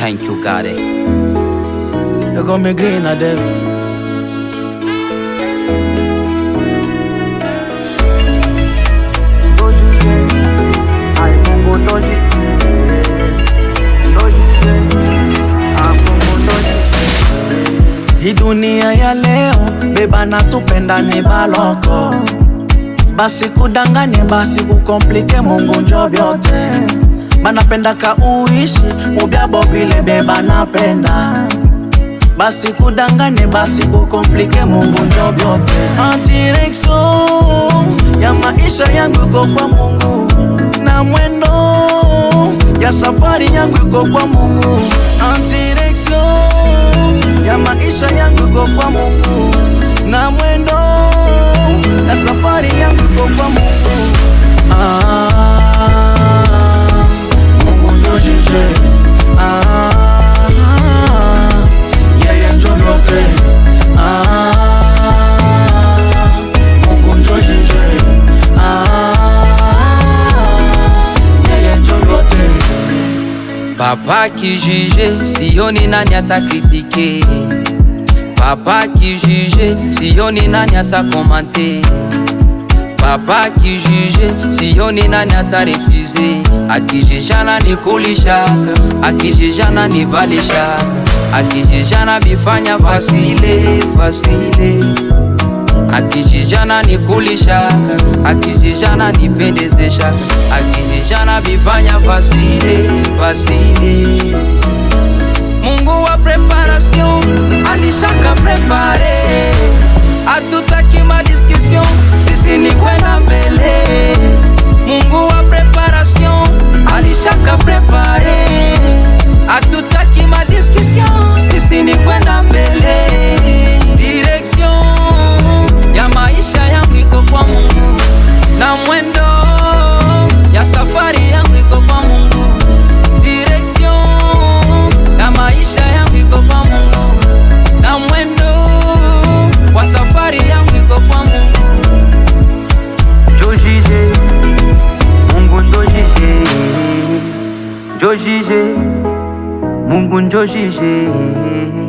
Thank you, God. They got me green at them. Hii dunia ya leo beba na tupenda ni baloko, basi kudanganye, basi kukomplike Mungu njo vyote banapenda kauishi mubyabo bile be banapenda basi kudangane basi kukomplike Mungu ndio byote. ya maisha yangu iko kwa Mungu na mwendo ya safari yangu iko kwa Mungu. Direction ya maisha yangu iko kwa Mungu na mwendo ya safari yangu iko kwa Mungu. Papa qui jugeait, sioni nani atakritike? Papa qui jugeait, sioni nani atakomante? Papa qui jugeait, sioni nani atarefuser? Akijijana nikulishaka, akijijana nivalishaka, akijijana bifanya fasile fasile akijijana nikulishaka, akijijana nipendezesha, akijijana bifanya fasile fasile 조시시 문군 조시시